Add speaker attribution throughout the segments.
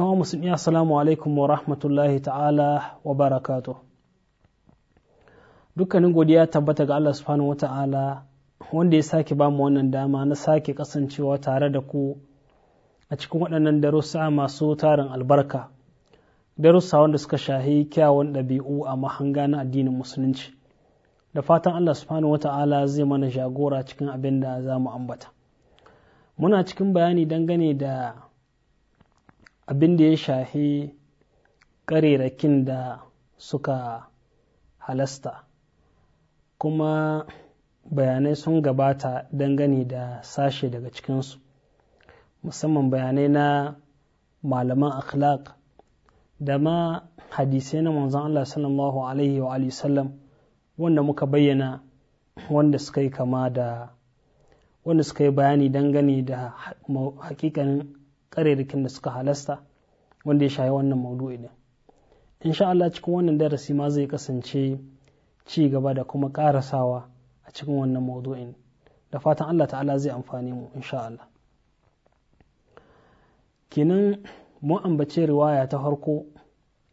Speaker 1: yan musulmi assalamu alaikum wa rahmatullahi ta'ala wa barakatuh dukkanin godiya tabbata ga Allah subhanahu wa ta'ala wanda ya sake ba mu wannan dama na sake kasancewa tare da ku a cikin waɗannan darussa masu tarin albarka darussa wanda suka shahi kyawun ɗabi'u a mahanga na addinin musulunci da fatan Allah subhanahu wa ta'ala zai mana jagora cikin abin da za mu ambata muna cikin bayani dangane da abin da ya shafi ƙarerakin da suka halasta kuma bayanai sun gabata dangane da sashe daga cikinsu musamman bayanai na malaman akhlaq da ma hadisai na manzon Allah sallallahu alaihi wa sallam wanda muka bayyana wanda suka yi kama da wanda suka yi bayani dangane da hakikanin ƙarerikin da suka halasta wanda ya shayi wannan maudu'i in sha Allah cikin wannan darasi ma zai kasance ci gaba da kuma karasawa a cikin wannan maudu'in da fatan Allah ta'ala zai amfani mu sha Allah kenan mun ambace riwaya ta farko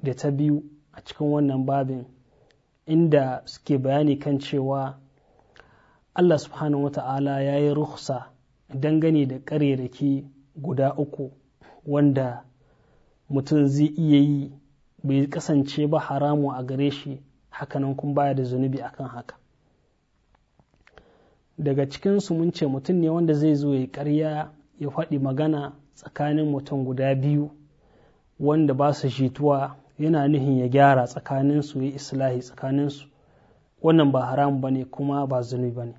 Speaker 1: da ta biyu a cikin wannan babin inda suke bayani kan cewa Allah subhanahu wa ta'ala ya yi ruhsa dangane da ƙarerake guda uku wanda mutum zai iya yi bai kasance ba haramu a gare shi hakanan kun baya da zunubi akan haka daga cikinsu mun ce mutum ne wanda zai zo ya karya ya faɗi magana tsakanin mutum guda biyu wanda ba su jituwa yana nuhin ya gyara tsakaninsu ya islahi tsakaninsu wannan ba haramu ba ne kuma ba zunubi ba ne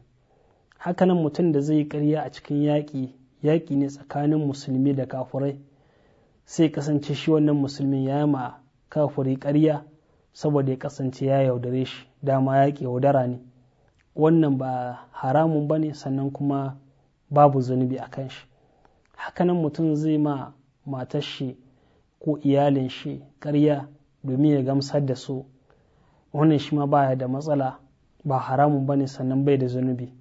Speaker 1: hakanan mutum da zai karya a cikin yaƙi yaƙi ne tsakanin musulmi da kafurai sai kasance shi wannan musulmin ya ma kafuri karya saboda ya kasance ya yaudare shi dama yaƙi yaudara ne wannan ba haramun ba ne sannan kuma babu zunubi a kan shi hakanan mutum zai ma matar shi ko iyalin shi karya domin ya gamsar da su wannan shi ma baya da matsala ba haramun ba ne sannan bai da zunubi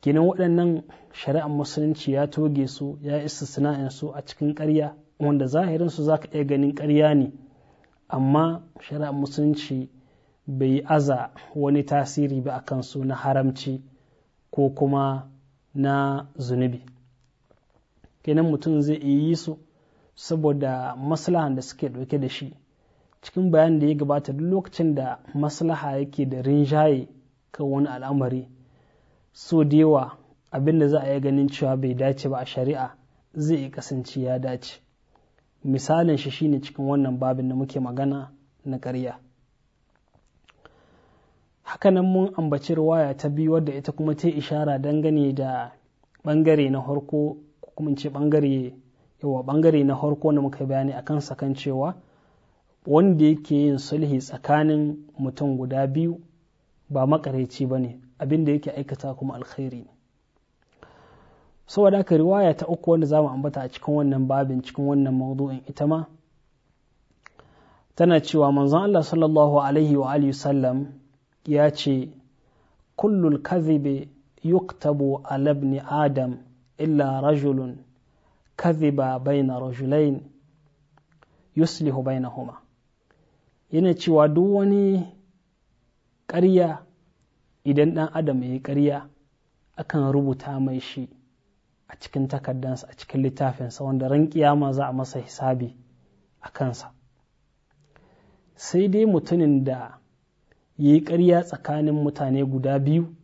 Speaker 1: kenan waɗannan shari'ar musulunci ya toge su ya istisna'in su a cikin ƙarya wanda zahirin su zaka iya ganin ƙarya ne amma shari'ar musulunci bai yi aza wani tasiri ba akan su na haramci ko kuma na zunubi kenan mutum zai iya yi su saboda maslahan da suke ɗauke da shi cikin bayan da ya gabata duk lokacin da maslaha yake da rinjaye kan wani al'amari so da yawa abin za a yi ganin cewa bai dace ba a shari'a zai kasance ya dace misalin shi shine cikin wannan babin da muke magana na ƙarya hakanan mun ambaci ruwaya ta biyu wadda ita kuma ta ishara dangane da bangare na harko kuma ce bangare yawa bangare na harko da muka bayani a kansa kan cewa wanda yake yin sulhi tsakanin mutum guda biyu ba makareci ba ne abin da yake aikata kuma alkhairi ne saboda haka riwaya ta uku wanda za mu ambata a cikin wannan babin cikin wannan maudu'in ita ma tana cewa manzon Allah sallallahu alaihi wa alihi sallam ya ce kullul kadhibi yuktabu ala ibn adam illa rajulun kadhiba baina rajulain yuslihu bainahuma yana cewa duk wani ƙarya idan ɗan adam ya yi ƙarya akan rubuta mai shi a cikin takardansa a cikin littafinsa wanda ran kiyama za a masa hisabi a kansa sai dai mutumin da ya yi ƙarya tsakanin mutane guda biyu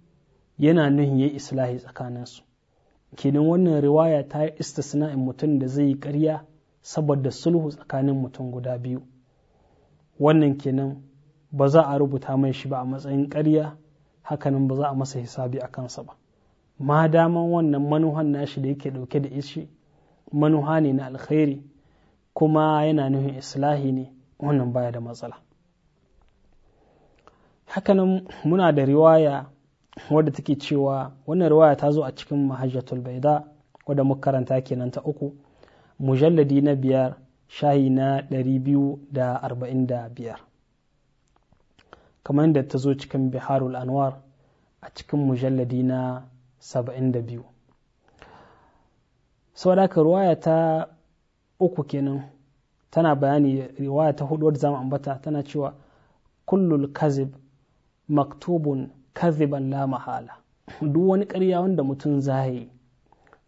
Speaker 1: yana nuhin ya islahi tsakaninsu kenan wannan riwaya ta yi istisna'in mutum da zai yi karya saboda sulhu tsakanin mutum guda biyu wannan kenan ba za a rubuta mai shi ba a matsayin ƙarya hakanan ba za a masa hisabi a kansa ba ma daman wannan manuhan nashi da yake dauke da ishi manuha ne na alkhairi kuma yana nuhin islahi ne wannan baya da matsala hakanan muna da riwaya wadda take cewa wannan riwaya ta zo a cikin mahajjatul baida wadda muka karanta kenan ta uku mujalladi na biyar shahi na 245 kamar yadda ta zo cikin biharul anwar a cikin mujalladi na 72 sau da ruwaya ta uku kenan tana bayani riwaya ta hudu wadda zamu ambata tana cewa kullul kazib maktubun kaziban la mahala duk wani ƙarya wanda mutum zahi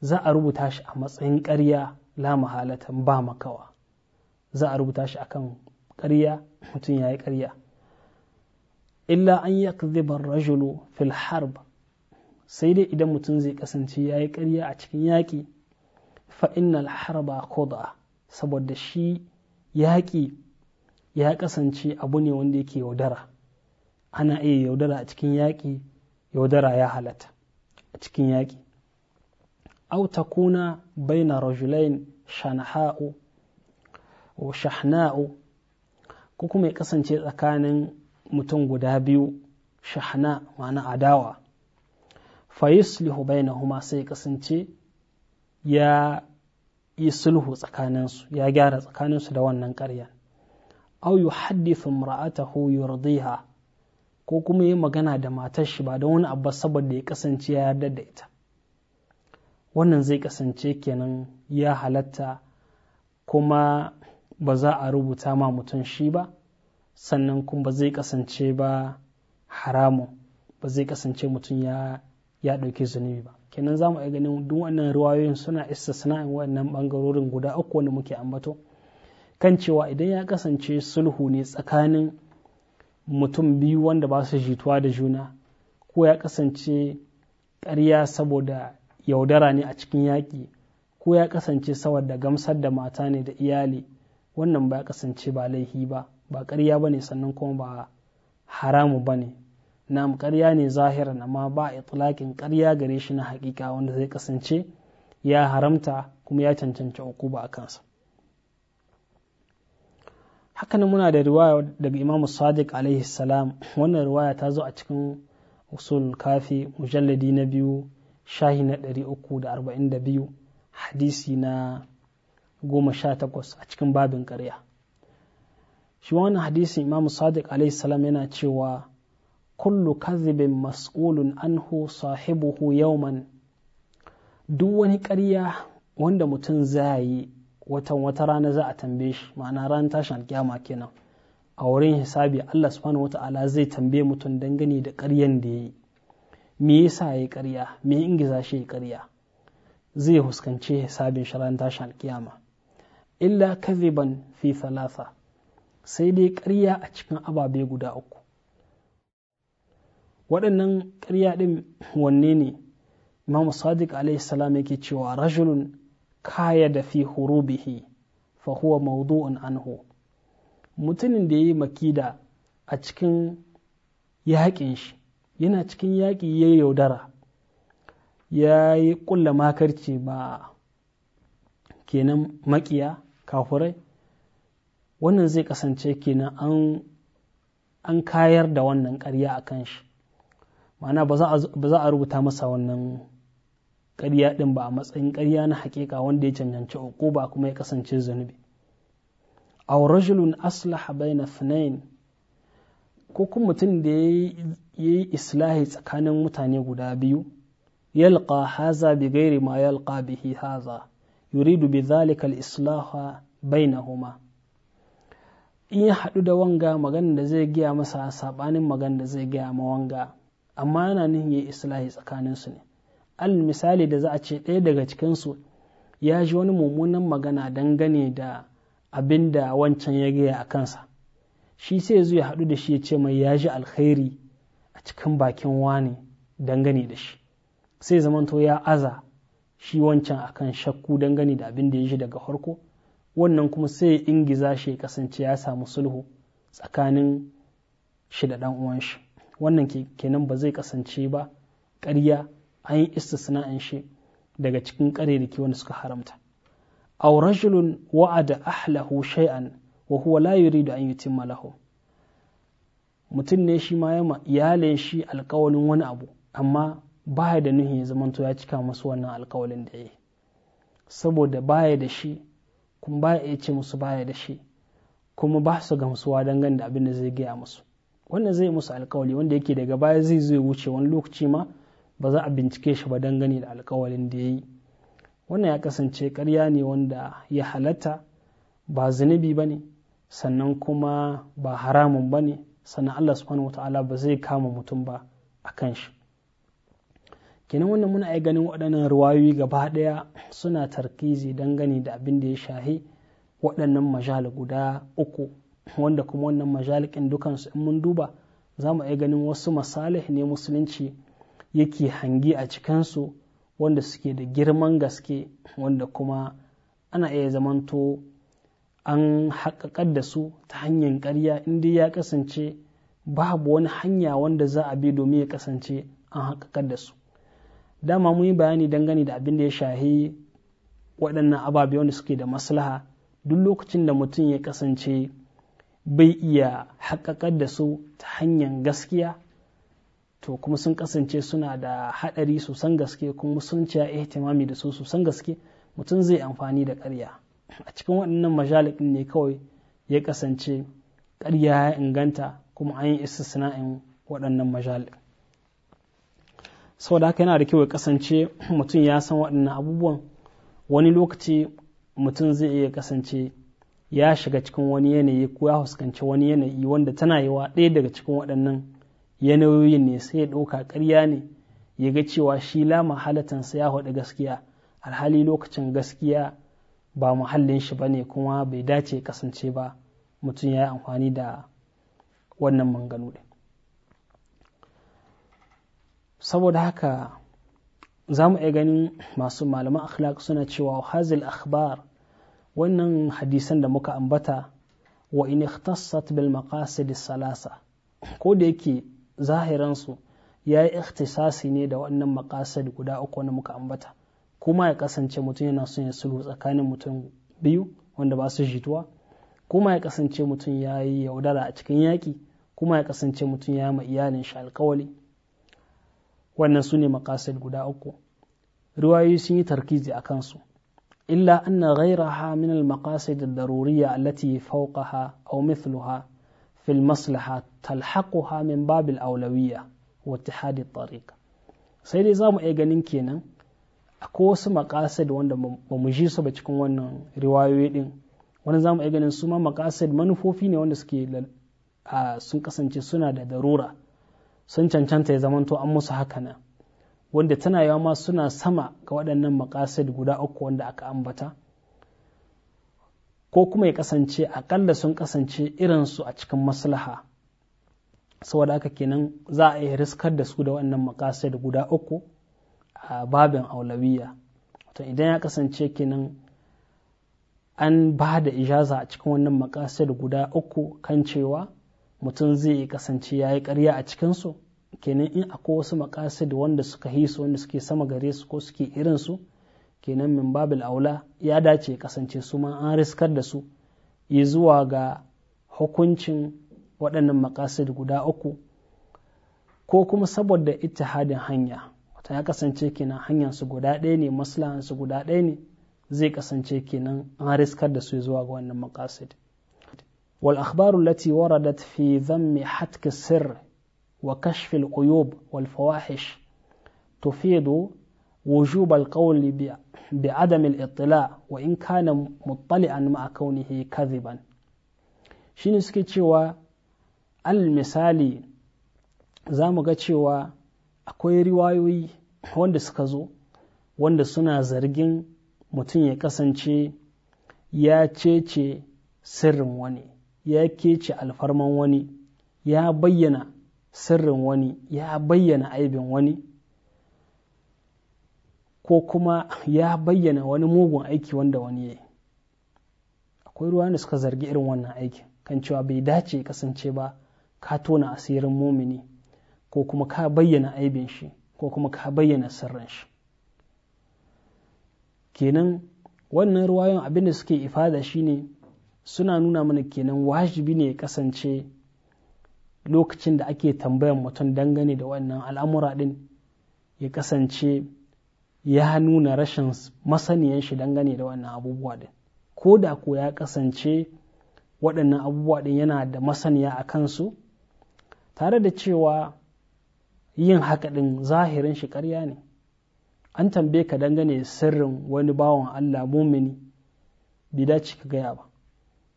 Speaker 1: za a rubuta shi a matsayin ƙarya la mahalata ba makawa za a rubuta shi akan ƙarya mutum ya yi ƙarya illa an ya rajulu fil harb sai dai idan mutum zai kasance ya yi ƙarya a cikin yaƙi fa innal harba koda saboda shi yaƙi ya kasance abu ne wanda yake yaudara ana iya yaudara a cikin yaƙi yaudara ya halatta a cikin yaƙi aw takuna baina rajulain shanha'u wa shahna'u ko kuma ya kasance tsakanin mutum guda biyu shahana ma'ana adawa fayislihu bainahuma sai kasance ya yi sulhu tsakaninsu ya gyara tsakaninsu da wannan ƙaryan au yu haddithu imra'atahu yurdiha ko kuma yi magana da matar shi ba don wani abu saboda ya kasance ya yarda da ita wannan zai kasance kenan ya halatta kuma ba za a rubuta ma mutum shi ba sannan kuma ba zai kasance ba haramun ba zai kasance mutum ya ya ɗauki zunubi ba kenan za mu iya ganin duk wannan ruwayoyin suna isa sana'in wannan ɓangarorin guda uku wanda muke ambato kan cewa idan ya kasance sulhu ne tsakanin mutum biyu wanda ba su jituwa da juna ko ya kasance karya saboda yaudara ne a cikin yaƙi ko ya kasance saboda gamsar da mata ne da iyali wannan ba ya kasance ba laifi ba ba karya ba ne sannan kuma ba haramu ba ne na'am ƙarya ne zahiran amma ba a itlaƙin ƙarya gare shi na haƙiƙa wanda zai kasance ya haramta kuma ya cancanci uku ba a kansa hakanan muna da riwaya daga imam sadiq alaihi salam wannan riwaya ta zo a cikin usul kafi mujalladi na biyu shahi na 342 hadisi na goma sha takwas a cikin babin karya. shi wani hadisin imamu sadiq alaihi yana cewa kullu kazibin mas'ulun anhu sahibuhu yauman duk wani karya wanda mutum za a yi watan wata rana za a tambaye shi ma'ana ran tashin alkiyama kenan a wurin hisabi Allah subhanahu wata'ala zai tambaye mutum dangane da ƙaryan da ya yi me yasa ya yi ƙarya me ingiza shi ya yi ƙarya zai huskanci hisabin shi ran tashin alkiyama illa kaziban fi thalatha sai dai ƙarya a cikin ababe guda uku waɗannan ƙarya ɗin wanne ne imamu sadiq salam yake cewa rajulun kaya da fi hurubihi fa huwa mawdu'un anhu mutumin da ya yi makida a cikin yaƙin shi yana cikin yaƙi ya yaudara ya yi ƙulla makarci ba kenan makiya kafurai wannan zai kasance kenan an an kayar da wannan ƙarya a kan shi ma'ana ba za a rubuta masa wannan ƙarya ɗin ba a matsayin karya na haƙiƙa wanda ya cancanci uku ba kuma ya kasance zunubi aw rajulun aslaha bayna thnain ko kun mutum da ya yi islahi tsakanin mutane guda biyu yalqa haza bi gairi ma yalqa bihi haza yuridu bi dhalika al-islaha bainahuma in ya haɗu da wanga magana da zai gaya masa saɓanin magana da zai gaya ma wanga amma yana nihin ya islahi tsakanin su ne al misali da za a ce ɗaya daga cikin su ya ji wani mummunan magana dangane da abin da wancan ya gaya a kansa shi sai zuwa haɗu da shi ya ce mai ya ji alkhairi a cikin bakin wani dangane da shi sai zamanto ya aza shi wancan akan shakku dangane da abin da ya ji daga farko wannan kuma sai ya ingiza shi ya kasance ya samu sulhu tsakanin shi da uwan shi wannan kenan ba zai kasance ba karya an yi istisna'in shi daga cikin ƙarerriki wanda suka haramta aw rajulun wa'ada ahlahu shay'an wa huwa la yuridu an yutimma lahu mutum ne shi ma yama iyalin shi alƙawalin wani abu amma baya da nuhi ya zamanto ya cika masu wannan alƙawalin da ya yi saboda baya da shi kuma baya iya ce musu baya da shi kuma ba su gamsuwa dangane da abin da zai gaya musu wannan zai musu alkawali wanda yake daga baya zai zo wuce wani lokaci ma ba za a bincike shi ba dangane da alkawalin da ya yi wannan ya kasance karya ne wanda ya halatta ba zunubi ba ne sannan kuma ba haramun ba ne sannan allah subhanahu ta'ala ba zai kama mutum ba a kan shi kenan wannan muna ai ganin waɗannan ruwayoyi gaba ɗaya suna tarkizi dangane da abin da ya shahi waɗannan majal guda uku wanda kuma wannan majalikin dukansu in mun duba za mu iya ganin wasu masalih ne musulunci yake hangi a cikinsu wanda suke da girman gaske wanda kuma ana iya zamanto an haƙaƙar da su ta hanyar ƙarya inda ya kasance babu wani hanya wanda za a bi domin ya kasance an haƙaƙar da su dama mun yi bayani gani da abin da ya shahi waɗannan ababe wanda suke da maslaha duk lokacin da mutum ya kasance bai iya haƙaƙar da su ta hanyar gaskiya to kuma sun kasance suna da haɗari su san gaske kuma sun ci ihtimami da su su san gaske mutum zai amfani da ƙarya a cikin waɗannan majalikin ne kawai ya kasance ƙarya ya inganta kuma an yi istisna'in waɗannan majalikin saboda haka yana da kyau ya kasance mutum ya san waɗannan abubuwan wani lokaci mutum zai iya kasance ya shiga cikin wani yanayi ko ya fuskanci wani yanayi wanda tana yiwa ɗaya daga cikin waɗannan yanayoyin ne sai ya ɗauka ƙarya ne ya ga cewa shi lama halatansa ya haɗu gaskiya alhali lokacin gaskiya ba muhallin shi ba ne kuma bai dace kasance ba mutum ya yi amfani da wannan manganu ɗin saboda haka za mu iya ganin masu malaman akhlaq suna cewa hazil akhbar wannan hadisan da muka ambata wa in ikhtassat bil maqasid salasa ko da yake zahiran su yayi ikhtisasi ne da wannan maqasid guda uku ne muka ambata kuma ya kasance mutum yana son ya sulhu tsakanin mutum biyu wanda ba su jituwa kuma ya kasance mutum yayi yaudara a cikin yaki kuma ya kasance mutum ya ma iyalin shi alkawali wannan su ne makasid guda uku riwayoyi sun yi tarkizi a kansu illa anna ghayraha min al maqasid al daruriyya allati fawqaha aw mithluha في ha min من aulawiya الأولوية واتحاد الطريق sai dai za mu iya ganin kenan akwai wasu makasad wanda ba mu ji su ba cikin wannan riwayoyi din wani za mu iya ganin su ma makasad manufofi ne wanda suke sun kasance suna da darura sun cancanta ya zamanto an musu haka nan wanda tana yawa ma suna sama ga waɗannan makasid guda uku wanda aka ambata ko kuma ya kasance aƙalla sun kasance irinsu a cikin maslaha saboda haka kenan za a yi riskar da su da waɗannan makasid guda uku a babin aulawiya to idan ya kasance kenan an ba da ijaza a cikin wannan makasid guda uku kan cewa mutum zai kasance ya yi karya a cikinsu kenan in akwai wasu makasid wanda suka yi su wanda suke sama gare su ko suke irinsu kenan min babil aula ya dace ya kasance su ma an riskar da su yi zuwa ga hukuncin waɗannan makasid guda uku ko kuma saboda ittihadin hanya wata ya kasance kenan hanyar su guda ɗaya ne maslahan su guda ɗaya ne zai kasance kenan an riskar da su zuwa ga wannan makasid والأخبار التي وردت في ذم حتك السر وكشف العيوب والفواحش تفيد وجوب القول بعدم الاطلاع وإن كان مطلعا مع كونه كذبا shine suke cewa al misali za mu ga cewa akwai riwayoyi wanda suka zo wanda suna zargin mutum ya kasance ya cece sirrin wani ya kece alfarman wani ya bayyana sirrin wani ya bayyana aibin wani ko kuma ya bayyana wani mugun aiki wanda wani ya yi akwai ruwa da suka zargi irin wannan aiki kan cewa bai dace kasance ba ka tona asirin mumini ko kuma ka bayyana aibin shi ko kuma ka bayyana sirrin shi kenan wannan ruwayon abinda suke ifada shine suna nuna mana kenan wajibi ne ya kasance lokacin da ake tambayan mutum dangane da wannan al'amura ɗin ya kasance ya nuna rashin masaniyan shi dangane da wannan abubuwa ɗin ko da ko ya kasance waɗannan abubuwa ɗin yana da masaniya a kansu tare da cewa yin haka ɗin zahirin shi karya ne an tambaye ka dangane sirrin wani bawan Allah mumini bai dace ka gaya ba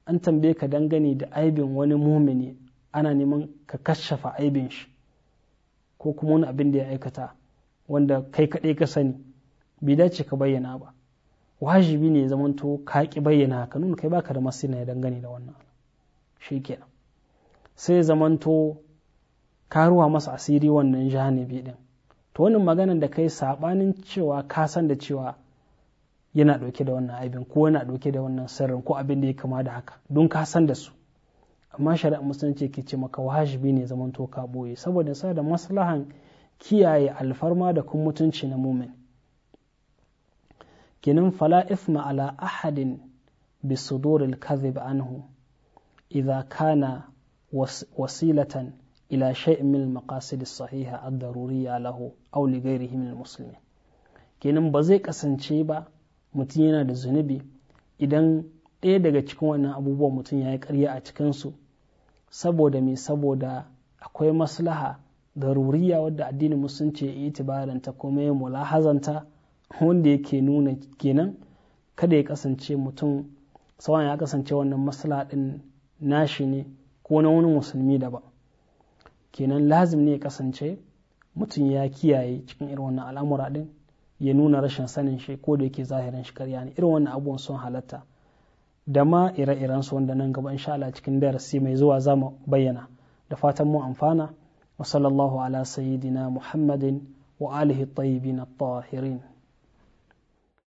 Speaker 1: an tambaye ka dangane da aibin wani mumini ana neman ka kashafa aibin shi ko kuma wani abin da ya aikata wanda kai kaɗai ka sani bai dace ka bayyana ba wajibi ne zamanto ka ki bayyana ka nuna kai baka da masina ya dangane da wannan shi kenan sai zamanto ka ruwa masa asiri wannan janibi din to wannan maganan da kai sabanin cewa ka san da cewa yana ɗauke da wannan aibin ko yana ɗauke da wannan sirrin ko abin da ya kama da haka don ka san da su amma shari'a musulunci ke ce maka wajibi ne zaman to ka boye saboda sa da maslahan kiyaye alfarma da kuma mutunci na mumin Ginin fala ifma ala ahadin bi suduril kadhib anhu idza kana wasilatan ila shay'in min al-maqasid as-sahiha ad-daruriyya lahu aw li ghayrihi min al-muslimin kenan ba zai kasance ba mutum yana da zunubi idan ɗaya daga cikin wannan abubuwan mutum ya yi karya a cikinsu saboda mai saboda akwai maslaha daruriya wadda addinin musulunci ya tibaranta kuma ya mulahazanta wanda yake nuna kenan kada ya kasance mutum sawan ya kasance wannan maslaha din nashi ne ko na wani musulmi daban kenan lazim ne ya kasance mutum ya kiyaye cikin irin wannan al'amura din ya nuna rashin sanin shi ko da yake zahirin shi karya ne irin wannan abubuwan sun halatta da ma ire-iren su wanda nan gaba insha Allah cikin darasi mai zuwa za mu bayyana da fatan mu amfana wa sallallahu ala sayyidina muhammadin wa alihi tayyibin at-tahirin